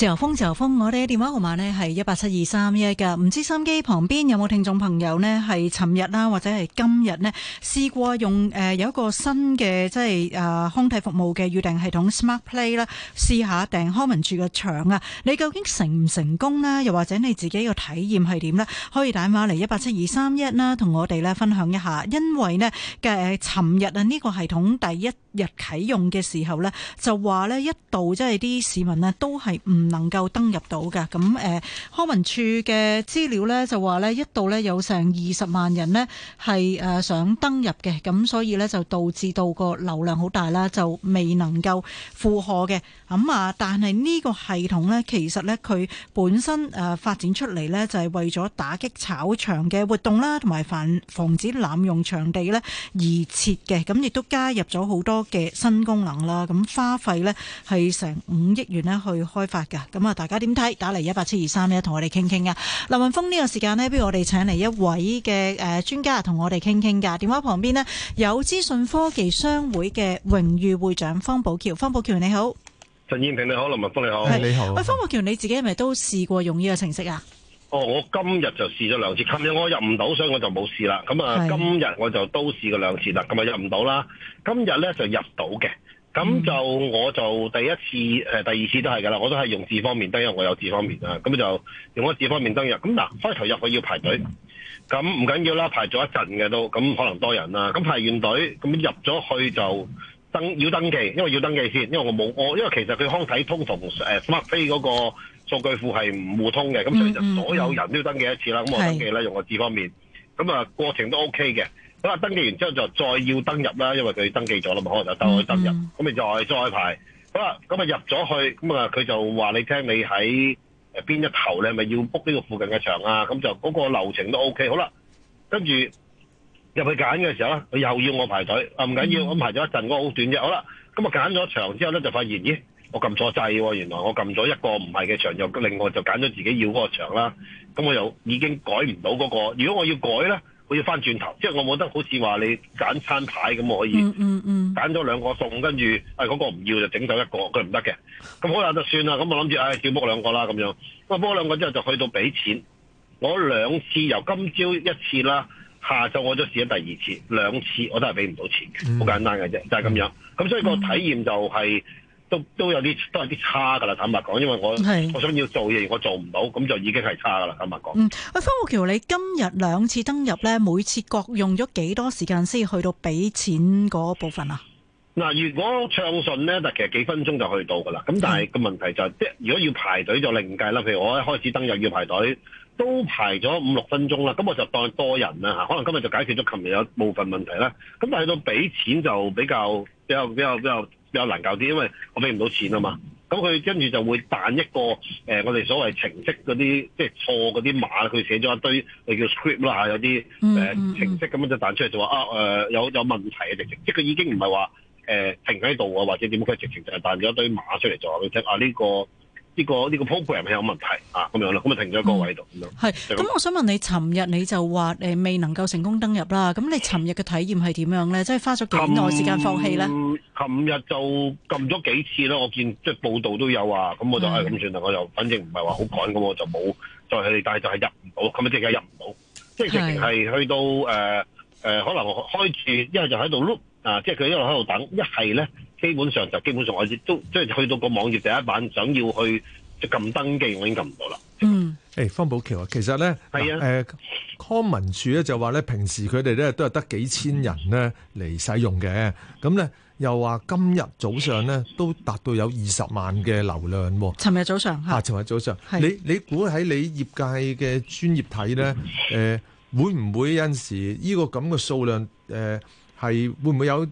自由風，自由風，我哋嘅電話號碼呢係一八七二三一嘅。唔知收音機旁邊有冇聽眾朋友呢？係尋日啦，或者係今日呢？試過用誒、呃、有一個新嘅即係誒康體服務嘅預訂系統 Smart Play 啦，試下訂康文署嘅場啊，你究竟成唔成功咧？又或者你自己嘅體驗係點呢？可以打電話嚟一八七二三一啦，同我哋呢分享一下。因為呢，嘅、呃、尋日啊，呢、這個系統第一日啟用嘅時候呢，就話呢，一度即係啲市民呢都係唔能夠登入到嘅。咁誒，康文署嘅資料咧就話咧，一度咧有成二十萬人咧係誒想登入嘅，咁所以咧就導致到個流量好大啦，就未能夠負荷嘅。咁啊，但係呢個系統咧，其實咧佢本身誒發展出嚟咧就係為咗打擊炒場嘅活動啦，同埋防防止濫用場地咧而設嘅。咁亦都加入咗好多嘅新功能啦。咁花費咧係成五億元咧去開發嘅。咁啊，大家點睇？打嚟一八七二三一，同我哋傾傾啊！林文峰，呢個時間呢，不如我哋請嚟一位嘅誒專家同我哋傾傾噶。電話旁邊呢，有資訊科技商會嘅榮譽會長方保僑。方保僑你好，陳燕平你好，林文峰你好，你好。喂，方保僑你自己係咪都試過用呢個程式啊？哦，我今日就試咗兩次，琴日我入唔到，所以我就冇試啦。咁啊，今日我就都試過兩次啦，咁啊入唔到啦。今日咧就入到嘅。咁、嗯、就我就第一次、呃、第二次都係㗎啦，我都係用智方便登，因為我有智方便啦。咁、啊、就用個智方便登入。咁、啊、嗱，開頭入去要排隊，咁唔緊要啦，排咗一陣嘅都，咁可能多人啦。咁排完隊，咁入咗去就登要登記，因為要登記先，因為我冇我，因為其實佢康體通同誒 SmartPlay 嗰個數據庫係唔互通嘅，咁、啊、所以就所有人都要登記一次啦。咁、嗯嗯、我登記啦用個智方便，咁啊過程都 OK 嘅。咁啊，登記完之後就再要登入啦，因為佢登記咗啦嘛，可能就得去登入。Mm-hmm. 咁咪再再排，好啦，咁啊入咗去，咁啊佢就話你聽，你喺邊一頭呢？係咪要 book 呢個附近嘅場啊？咁就嗰個流程都 OK，好啦，跟住入去揀嘅時候咧，佢又要我排隊，唔緊要，咁排咗一陣，嗰個好短啫。好啦，咁啊揀咗場之後咧，就發現咦，我撳錯掣喎，原來我撳咗一個唔係嘅場，又另外就揀咗自己要嗰個場啦。咁我又已經改唔到嗰個，如果我要改咧？我要翻轉頭，即係我冇得好似話你揀餐牌咁我可以，揀咗兩個餸，跟住啊嗰個唔要就整走一個，佢唔得嘅。咁好啦，就算啦。咁我諗住啊，少、哎、幫兩個啦咁樣。我幫兩個之後就去到俾錢，攞兩次，由今朝一次啦，下晝我都試咗第二次，兩次我都係俾唔到錢嘅，好、嗯、簡單嘅啫，就係、是、咁樣。咁、嗯、所以個體驗就係、是。都都有啲都係啲差㗎啦，坦白講，因為我我想要做嘢，我做唔到，咁就已經係差㗎啦，坦白講。嗯，喂、啊，方保僑，你今日兩次登入咧，每次各用咗幾多時間先去到俾錢嗰部分啊？嗱，如果暢順咧，但其實幾分鐘就去到㗎啦。咁但係個問題就係、是，即係如果要排隊就另計啦。譬如我一開始登入要排隊，都排咗五六分鐘啦。咁我就當多人啦嚇，可能今日就解決咗琴日有部分問題啦。咁但係到俾錢就比較比較比較比較。比較比較比較難搞啲，因為我俾唔到錢啊嘛，咁佢跟住就會彈一個誒、呃，我哋所謂程式嗰啲，即係錯嗰啲碼，佢寫咗一堆，我叫 script 啦，有啲誒、呃、程式咁樣就彈出嚟，就話啊誒、呃、有有問題啊，直即係佢已經唔係話誒停喺度啊，或者點，佢直情就係彈咗一堆碼出嚟咗，即係啊呢、呢個。呢、這個呢、這個 program 係有問題啊，咁樣咯，咁咪停咗個位度咁咯。係、嗯，咁我想問你，尋日你就話誒未能夠成功登入啦，咁你尋日嘅體驗係點樣咧？即係花咗幾耐時間放棄咧？琴日就撳咗幾次啦，我見即係報道都有啊，咁我就係咁、嗯、算啦，我就反正唔係話好趕嘅，我就冇再去，但係就係入唔到，咁咪即係入唔到，即係直情係去到誒誒，可能開住一係就喺度碌啊，即係佢一路喺度等，一係咧。基本上就基本上，我亦都即係去到個網頁第一版，想要去就撳登記，我已經撳唔到啦。嗯，誒方保僑啊，其實咧係啊，誒康文署咧就話咧，平時佢哋咧都係得幾千人咧嚟使用嘅，咁咧又話今日早上咧都達到有二十萬嘅流量喎。尋日早上嚇，尋日早上，你你估喺你業界嘅專業睇咧，誒會唔會有時呢個咁嘅數量誒係會唔會有？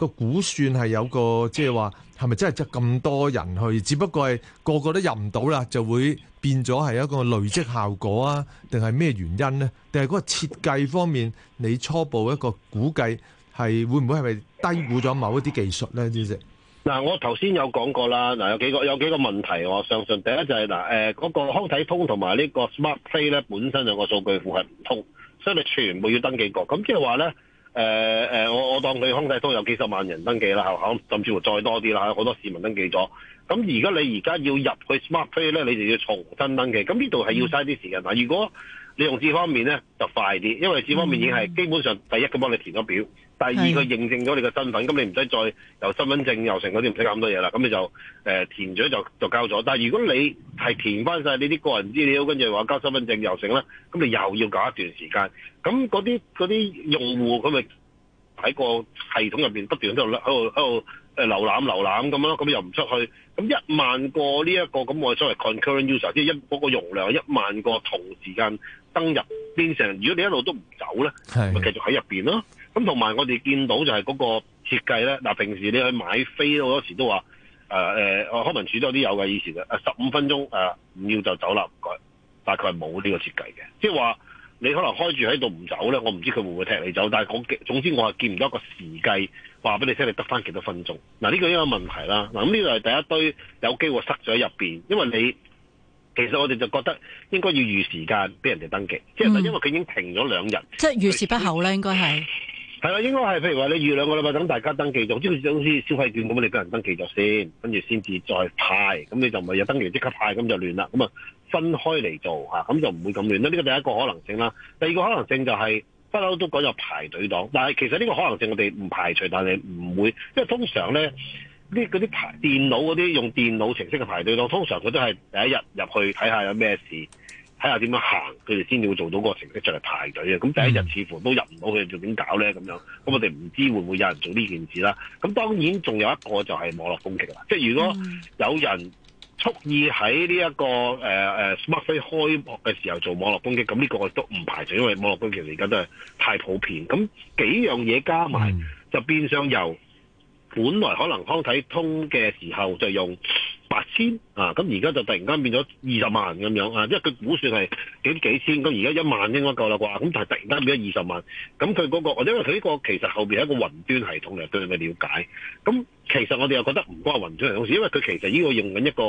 個估算係有個即係話係咪真係即咁多人去？只不過係個個都入唔到啦，就會變咗係一個累積效果啊？定係咩原因咧？定係嗰個設計方面？你初步一個估計係會唔會係咪低估咗某一啲技術咧？主席，嗱，我頭先有講過啦，嗱，有幾個有幾個問題我相信。第一就係、是、嗱，誒、那、嗰個康體通同埋呢個 SmartPlay 咧，本身有個數據庫係唔通，所以你全部要登記過。咁即係話咧。誒、呃、誒、呃，我我當佢康體都有幾十萬人登記啦，吓，甚至乎再多啲啦，好多市民登記咗。咁而家你而家要入去 SmartPlay 咧，你就要重新登記。咁呢度係要嘥啲時間。嗱、呃，如果你用紙方面咧，就快啲，因為紙方面已經係基本上第一個咁幫你填咗表。嗯第二個認證咗你嘅身份，咁你唔使再由身份證又成嗰啲唔使咁多嘢啦。咁你就誒、呃、填咗就就交咗。但係如果你係填翻晒你啲個人資料，跟住話交身份證又成啦，咁你又要搞一段時間。咁嗰啲嗰啲用戶，佢咪喺個系統入面不斷喺度喺度喺度誒瀏覽瀏覽咁樣咯。咁你又唔出去。咁一萬個呢、這、一個咁我所謂 concurrent user，即係一、嗰個容量一萬個同時間登入變成，如果你一路都唔走咧，咪繼續喺入邊咯。咁同埋我哋見到就係嗰個設計咧，嗱平時你去買飛好多時都話誒誒，我、呃、康文署都啲有嘅以前嘅，十五分鐘誒唔、呃、要就走啦，大概冇呢個設計嘅，即係話你可能開住喺度唔走咧，我唔知佢會唔會踢你走，但係總之我係見唔到一個時計話俾你聽，你得翻幾多分鐘。嗱、呃、呢、呢個應該問題啦。嗱咁呢個係第一堆有機會塞咗喺入邊，因為你其實我哋就覺得應該要預時間俾人哋登記，即、嗯、係、就是、因為佢已經停咗兩日，即係預時不候咧，應該係。係啦，應該係，譬如話你預兩個禮拜，等大家登記咗，好似好似消費券咁啊，你俾人登記咗先，跟住先至再派，咁你就唔係有登記即刻派，咁就亂啦。咁啊，分開嚟做啊，咁就唔會咁亂啦。呢個第一個可能性啦，第二個可能性就係不嬲都講有排隊檔，但係其實呢個可能性我哋唔排除，但係唔會，因為通常咧呢啲排電腦嗰啲用電腦程式嘅排隊檔，通常佢都係第一日入去睇下有咩事，睇下點樣行，佢哋先至會做到個程式出嚟排隊嘅。咁第一日似乎都入唔到，佢哋做點搞咧？咁樣，咁我哋唔知會唔會有人做呢件事啦。咁當然仲有一個就係網絡攻擊啦。即係如果有人蓄意喺呢一個誒誒 SmartPlay 開幕嘅時候做網絡攻擊，咁呢個都唔排除，因為網絡攻擊其實而家都係太普遍。咁幾樣嘢加埋，就變相由。本來可能康體通嘅時候就用八千啊，咁而家就突然間變咗二十萬咁樣啊，因為佢估算係幾幾千，咁而家一萬應該夠啦啩，咁但係突然間變咗二十萬，咁佢嗰個，或者因為佢呢個其實後面係一個雲端系統嚟對佢嘅了解，咁其實我哋又覺得唔關雲端系統事，因為佢其實呢個用緊一個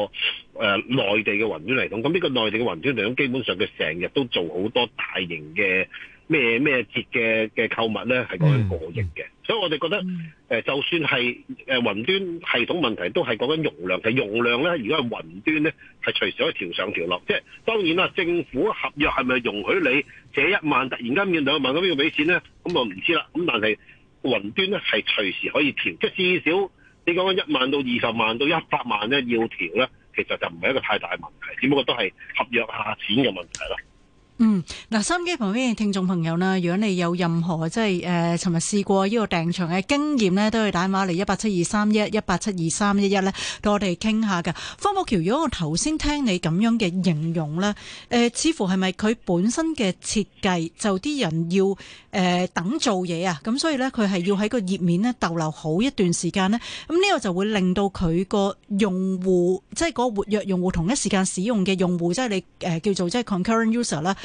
內地嘅雲端系統，咁呢個、呃、內地嘅雲端系統基本上佢成日都做好多大型嘅。咩咩節嘅嘅購物咧，係講緊過億嘅、嗯，所以我哋覺得、嗯呃、就算係誒雲端系統問題，都係講緊容量嘅容量咧。如果係雲端咧，係隨時可以調上調落。即係當然啦，政府合約係咪容許你借一萬突然間變兩萬咁要俾錢咧？咁我唔知啦。咁但係雲端咧係隨時可以調，即係至少你講緊一萬到二十萬到一百萬咧要調咧，其實就唔係一個太大嘅問題，只不過都係合約下錢嘅問題啦。嗯，嗱，收音機旁邊嘅聽眾朋友啦，如果你有任何即係誒，尋日試過呢個訂場嘅經驗呢，都可以打電話嚟，一八七二三一一八七二三一一呢，同我哋傾下嘅。方保僑，如果我頭先聽你咁樣嘅形容呢誒、呃，似乎係咪佢本身嘅設計就啲人要誒、呃、等做嘢啊？咁所以呢，佢係要喺個頁面咧逗留好一段時間呢，咁呢個就會令到佢個用戶，即係個活躍用戶同一時間使用嘅用戶，即係你誒、呃、叫做即係 concurrent user 啦。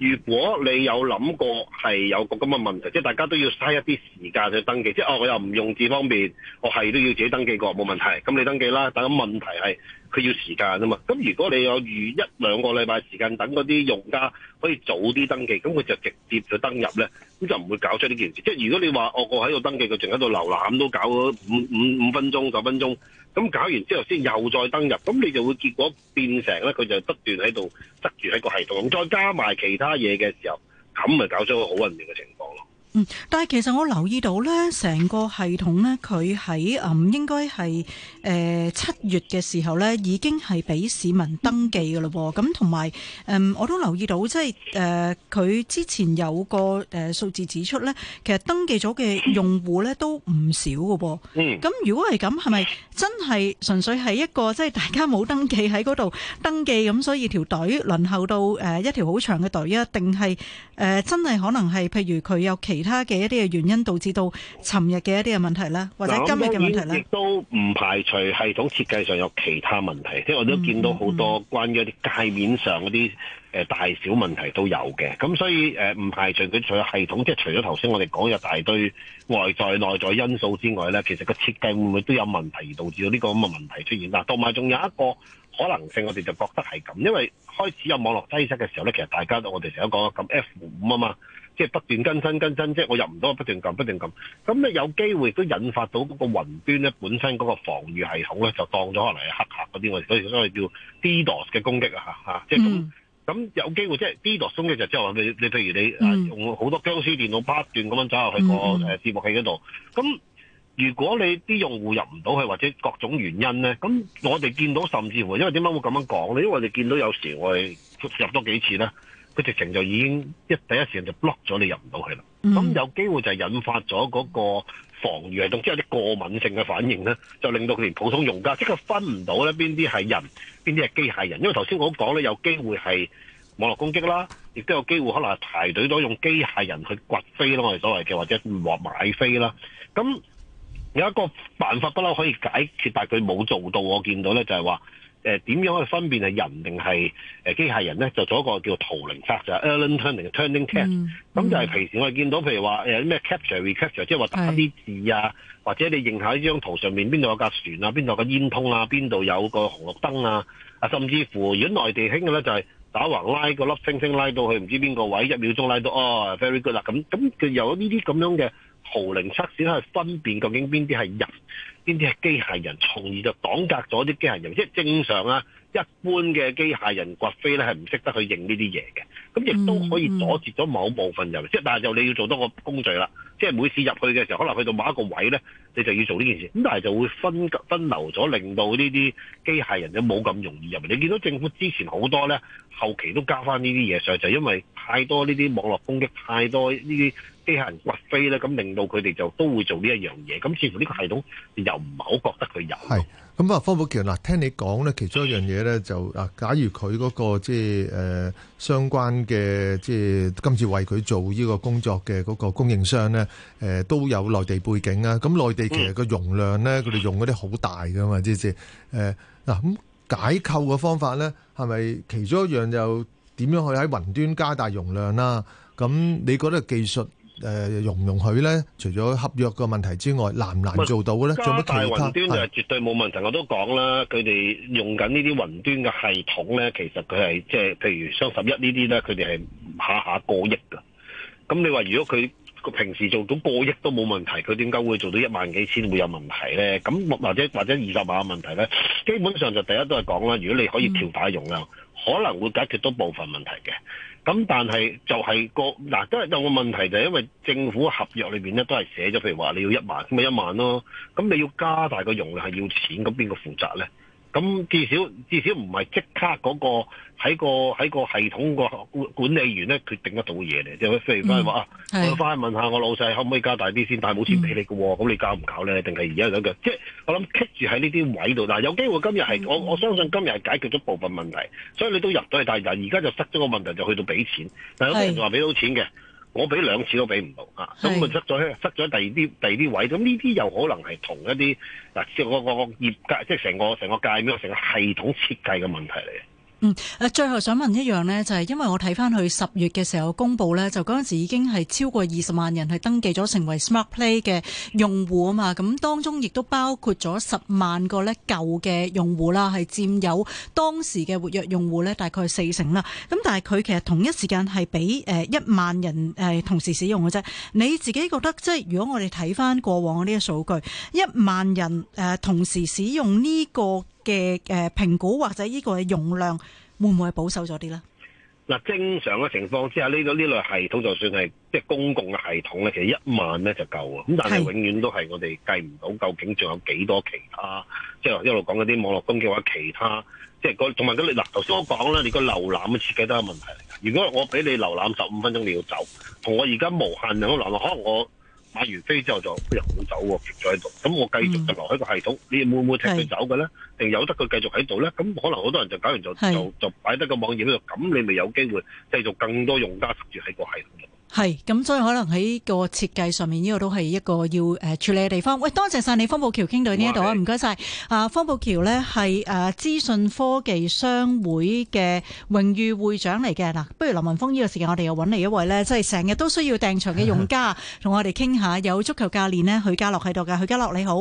如果你有諗過係有個咁嘅問題，即係大家都要嘥一啲時間去登記，即係哦，我又唔用字方面，我係都要自己登記過冇問題，咁你登記啦。但係問題係佢要時間啊嘛。咁如果你有預一兩個禮拜時間等嗰啲用家可以早啲登記，咁佢就直接就登入咧，咁就唔會搞出呢件事。即係如果你話我我喺度登記，佢仲喺度瀏覽都搞咗五五五分鐘九分鐘。咁搞完之後先又再登入，咁你就會結果變成咧，佢就不斷喺度塞住喺個系統再加埋其他嘢嘅時候，咁咪搞出個好混亂嘅情況。嗯，但係其實我留意到咧，成個系統咧，佢喺誒應該係誒七月嘅時候咧，已經係俾市民登記嘅咯。咁同埋誒我都留意到，即係誒佢之前有個誒、呃、數字指出咧，其實登記咗嘅用戶咧都唔少嘅噃。咁、嗯、如果係咁，係咪真係純粹係一個即係、就是、大家冇登記喺度登記，咁所以條隊輪候到誒、呃、一條好長嘅隊啊？定係誒真係可能係譬如佢有期，其他嘅一啲嘅原因導致到尋日嘅一啲嘅問題啦，或者今日嘅問題啦，亦都唔排除系統設計上有其他問題，即係我都見到好多關於一啲界面上嗰啲。嗯誒、呃，大小問題都有嘅，咁所以誒唔排除佢除咗系統，即係除咗頭先我哋講有大堆外在、內在因素之外咧，其實個設計會唔會都有問題而導致到呢個咁嘅問題出現？啦，同埋仲有一個可能性，我哋就覺得係咁，因為開始有網絡擠塞嘅時候咧，其實大家都我哋成日講咁 F 五啊嘛，即係不斷更新、更新，即係我入唔到，不斷撳、不斷撳，咁咧有機會都引發到嗰個雲端咧本身嗰個防禦系統咧就當咗可能係黑客嗰啲，我哋所以所謂叫 DDoS 嘅攻擊啊，啊，即係咁。嗯咁、嗯、有機會，即係啲落衝嘅就即係話你你譬如你、啊、用好多僵屍電腦不斷咁樣走入去個誒伺服器嗰度。咁如果你啲用戶入唔到去，或者各種原因咧，咁我哋見到甚至乎，因為點解會咁樣講咧？因為我哋見到有時我哋入多幾次咧，佢直情就已經一第一時間就 block 咗你入唔到去啦。咁、嗯、有機會就係引發咗嗰個防禦系統，即係啲過敏性嘅反應咧，就令到佢連普通用家，即係佢分唔到咧邊啲係人，邊啲係機械人。因為頭先我講咧，有機會係網絡攻擊啦，亦都有機會可能係排隊咗用機械人去掘飛啦，我哋所謂嘅或者買飛啦。咁有一個辦法不嬲可以解決，但係佢冇做到。我見到咧就係話。呃、點樣去分辨係人定係誒機械人咧？就做一個叫圖靈測，就是、Alan Turing Turing test、嗯。咁、嗯、就係平時我哋見到，譬如話誒啲咩 capture recapture，即係話打啲字啊，或者你認下呢張圖上面邊度有架船啊，邊度有個煙通啊，邊度有個紅綠燈啊，啊甚至乎，如果內地興嘅咧，就係、是、打橫拉個粒星星拉到去，唔知邊個位，一秒鐘拉到哦，very good 啦、啊。咁咁佢有呢啲咁樣嘅圖靈測試去分辨究竟邊啲係人。邊啲係機械人，從而就擋隔咗啲機械人。即、就、係、是、正常啊，一般嘅機械人刮飛咧係唔識得去認呢啲嘢嘅。咁亦都可以阻截咗某部分人。即、mm、係 -hmm. 但係就你要做多個工序啦。即、就、係、是、每次入去嘅時候，可能去到某一個位咧，你就要做呢件事。咁但係就會分分流咗，令到呢啲機械人就冇咁容易入。你見到政府之前好多咧，後期都加翻呢啲嘢上，就因為太多呢啲網絡攻擊，太多呢啲。機器人刮飛咧，咁令到佢哋就都會做呢一樣嘢。咁似乎呢個系統又唔係好覺得佢有。係咁啊，方保僑嗱，聽你講咧，其中一樣嘢咧就啊，假如佢嗰個即係誒相關嘅即係今次為佢做呢個工作嘅嗰個供應商咧，誒都有內地背景啊。咁內地其實個容量咧，佢哋用嗰啲好大㗎嘛，即係，誒嗱，咁解構嘅方法咧，係咪其中一樣就點樣去喺雲端加大容量啦？咁你覺得技術？誒容唔容許咧？除咗合約個問題之外，難唔難做到咧？加大雲端就係絕對冇問題。我都講啦，佢哋用緊呢啲雲端嘅系統咧，其實佢係即係譬如雙十一呢啲咧，佢哋係下下過億㗎。咁你話如果佢佢平時做到過億都冇問題，佢點解會做到一萬幾千會有問題咧？咁或者或者二十萬嘅問題咧，基本上就第一都係講啦。如果你可以調大容量，可能會解決到部分問題嘅。咁但係就係個嗱，都係有個問題，就係因為政府合約裏面咧都係寫咗，譬如話你要一萬咁咪一萬咯，咁你要加大個容量係要錢，咁邊個負責咧？咁至少至少唔係即刻嗰、嗰個喺個喺個系統個管理員咧決定得到嘢嚟，即係譬如翻話，我翻去問下我老細可唔可以加大啲先，但係冇錢俾你嘅喎，咁、嗯、你搞唔搞咧？定係而家兩句，即係我諗 keep 住喺呢啲位度，但係有機會今日係、嗯、我我相信今日係解決咗部分問題，所以你都入到去，但係而家就失咗個問題就去到俾錢，但係有人話俾到錢嘅。我俾兩次都俾唔到啊，咁佢出咗出咗第二啲第二啲位，咁呢啲又可能係同一啲嗱，即係個個業界，即係成個成個界面，成個系統設計嘅問題嚟。嗯，最後想問一樣呢，就係、是、因為我睇翻佢十月嘅時候公佈呢，就嗰陣時已經係超過二十萬人係登記咗成為 Smart Play 嘅用戶啊嘛，咁當中亦都包括咗十萬個呢舊嘅用戶啦，係佔有當時嘅活躍用戶呢，大概四成啦。咁但係佢其實同一時間係俾一萬人同時使用嘅啫。你自己覺得即係如果我哋睇翻過往呢個數據，一萬人同時使用呢個？嘅誒評估或者呢個容量會唔會係保守咗啲咧？嗱，正常嘅情況之下，呢個呢類系統就算係即係公共嘅系統咧，其實一萬咧就夠喎。咁但係永遠都係我哋計唔到究竟仲有幾多其他，其他，即係一路講嗰啲網絡攻擊嘅話，其他即係同埋你嗱，頭先我講啦，你個瀏覽嘅設計都係問題嚟㗎。如果我俾你瀏覽十五分鐘你要走，同我而家無限量瀏覽，可能我。打完飛之後就又冇走喎，停咗喺度。咁我繼續就留喺個系統，嗯、你會唔會踢佢走嘅咧？定由得佢繼續喺度咧？咁可能好多人就搞完就就就擺得個網頁喺度，咁你咪有機會製造更多用家熟住喺個系統度。係，咁所以可能喺個設計上面，呢、這個都係一個要誒處理嘅地方。喂，多謝晒你方保僑，傾到呢一度啊，唔該晒。啊，方保僑呢係誒資訊科技商會嘅榮譽會長嚟嘅。嗱、啊，不如林文峰呢、這個時間我哋又揾你一位呢，即係成日都需要訂場嘅用家，同、啊、我哋傾下。有足球教練呢許嘉樂，喺度嘅，許嘉樂你好。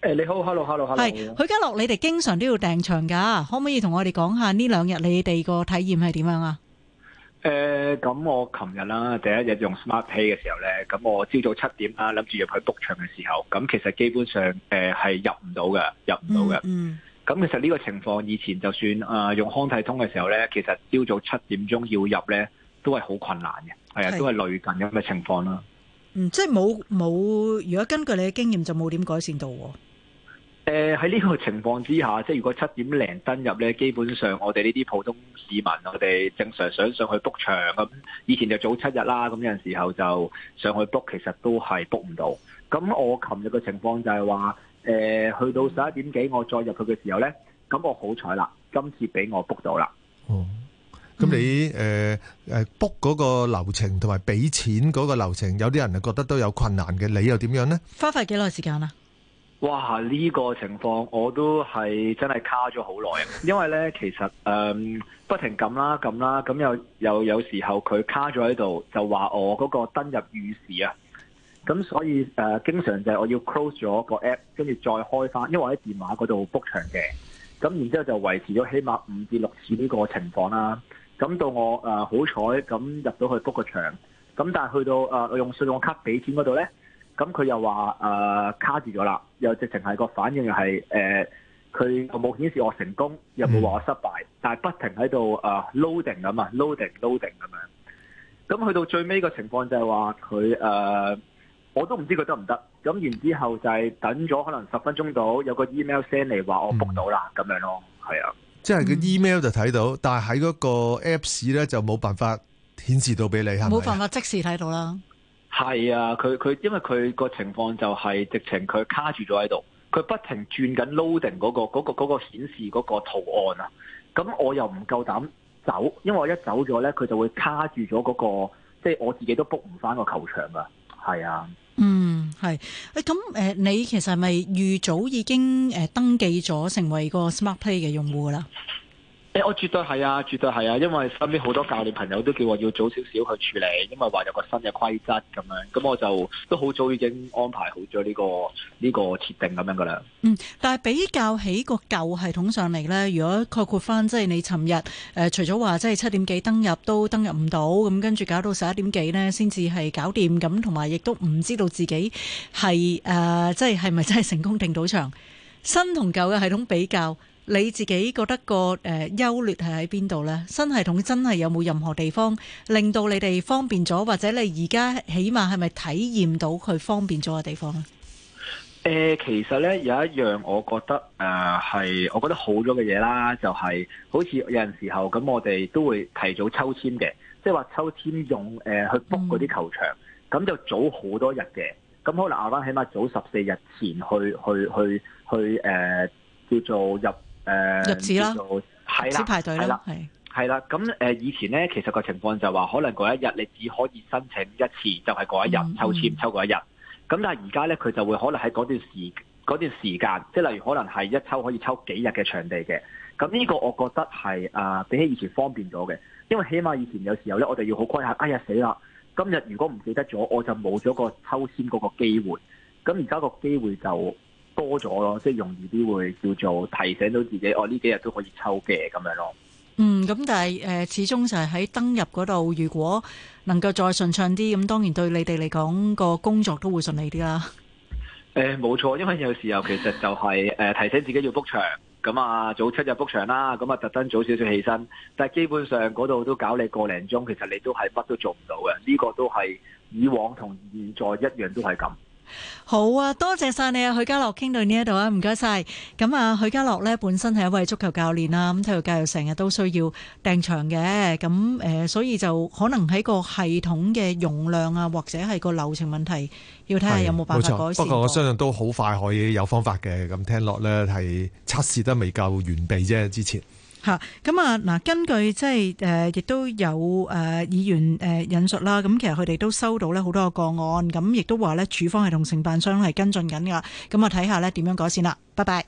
誒，你好 hello，hello，hello 係，許嘉樂，你哋經常都要訂場噶，可唔可以同我哋講下呢兩日你哋個體驗係點樣啊？誒、嗯，咁我琴日啦，第一日用 SmartPlay 嘅時候咧，咁我朝早七點啦，諗住入去 book 場嘅時候，咁其實基本上誒係入唔到嘅，入唔到嘅。咁其實呢個情況以前就算誒用康體通嘅時候咧，其實朝早七點鐘要入咧，都係好困難嘅，係啊，都係累緊咁嘅情況啦。嗯，即係冇冇，如果根據你嘅經驗，就冇點改善到。誒、呃，喺呢個情況之下，即係如果七點零登入呢，基本上我哋呢啲普通市民，我哋正常想上去 book 場咁，以前就早七日啦，咁有陣時候就上去 book，其實都係 book 唔到。咁我琴日嘅情況就係話，誒、呃，去到十一點幾我再入去嘅時候呢，咁我好彩啦，今次俾我 book 到啦。哦、嗯，咁你誒誒 book 嗰個流程同埋俾錢嗰個流程，有啲人啊覺得都有困難嘅，你又點樣呢？花費幾耐時間啊？哇！呢、這個情況我都係真係卡咗好耐，因為呢，其實誒、嗯、不停撳啦撳啦，咁又又有時候佢卡咗喺度，就話我嗰個登入逾時啊，咁所以誒、呃、經常就係我要 close 咗個 app，跟住再開翻，因為喺電話嗰度 book 場嘅，咁然之後就維持咗起碼五至六次呢個情況啦。咁到我誒好彩咁入到去 book 個場，咁但係去到誒、呃、用信用卡俾錢嗰度呢。咁佢又話、呃、卡住咗啦，又直情係個反應、就是，又係誒佢冇顯示我成功，又冇話我失敗，嗯、但係不停喺度誒 loading 咁啊，loading loading 咁樣。咁去到最尾個情況就係話佢誒，我都唔知佢得唔得。咁然之後就係等咗可能十分鐘到，有個 email send 嚟話我 book 到啦咁樣咯，係、嗯、啊，嗯、即係個 email 就睇到，但係喺嗰個 apps 咧就冇辦法顯示到俾你，冇辦法即時睇到啦。係啊，佢佢因為佢個情況就係直情佢卡住咗喺度，佢不停轉緊 loading 嗰個嗰個嗰個顯示嗰個圖案啊。咁我又唔夠膽走，因為我一走咗咧，佢就會卡住咗嗰個，即係我自己都 book 唔翻個球場啊。係啊，嗯，係誒，咁誒，你其實係咪預早已經誒登記咗成為個 Smart Play 嘅用戶啦？我絕對係啊，絕對係啊，因為身邊好多教練朋友都叫我要早少少去處理，因為話有個新嘅規則咁樣，咁我就都好早已經安排好咗呢個呢個設定咁樣㗎喇。嗯，但係比較起個舊系統上嚟呢，如果概括返，即係你尋日誒，除咗話即係七點幾登入都登入唔到，咁跟住搞到十一點幾呢，先至係搞掂，咁同埋亦都唔知道自己係誒，即係係咪真係成功訂到場？新同舊嘅系統比較。你自己覺得個誒優劣係喺邊度呢？新系統真係有冇任何地方令到你哋方便咗，或者你而家起碼係咪體驗到佢方便咗嘅地方咧？誒，其實呢，有一樣我覺得誒係、呃，我覺得好咗嘅嘢啦，就係、是、好似有陣時候咁，我哋都會提早抽籤嘅，即係話抽籤用誒、呃、去 book 嗰啲球場，咁、嗯、就早好多日嘅。咁可能阿軍起碼早十四日前去去去去誒、呃、叫做入。呃、入紙啦，抽籤排隊啦，係係啦。咁誒、嗯，以前咧其實個情況就話、是，可能嗰一日你只可以申請一次就一，就係嗰一日抽籤抽嗰一日。咁、嗯、但係而家咧，佢就會可能喺嗰段時段時間，即係例如可能係一抽可以抽幾日嘅場地嘅。咁呢個我覺得係啊、呃，比起以前方便咗嘅，因為起碼以前有時候咧，我哋要好規限。哎呀死啦！今日如果唔記得咗，我就冇咗個抽籤嗰個機會。咁而家個機會就～多咗咯，即係容易啲會叫做提醒到自己哦，呢幾日都可以抽嘅咁樣咯。嗯，咁但係誒，始終就係喺登入嗰度，如果能夠再順暢啲，咁當然對你哋嚟講個工作都會順利啲啦。誒、呃，冇錯，因為有時候其實就係、是、誒、呃、提醒自己要 book 場，咁、嗯、啊早七就 book 場啦，咁、嗯、啊特登早少少起身，但係基本上嗰度都搞你個零鐘，其實你都係乜都做唔到嘅，呢、這個都係以往同現在一樣都係咁。好啊，多謝晒你啊，許家樂，傾到謝謝呢一度啊，唔該晒。咁啊，許家樂咧本身係一位足球教練啦，咁體育教育成日都需要訂場嘅，咁誒、呃，所以就可能喺個系統嘅容量啊，或者係個流程問題，要睇下有冇辦法改善。不過我相信都好快可以有方法嘅。咁聽落咧係測試得未夠完備啫，之前。咁啊嗱，根據即係誒，亦、呃、都有誒、呃、議員誒引述啦。咁其實佢哋都收到咧好多個個案，咁亦都話咧，處方係同承辦商係跟進緊㗎。咁我睇下咧點樣改善啦。拜拜。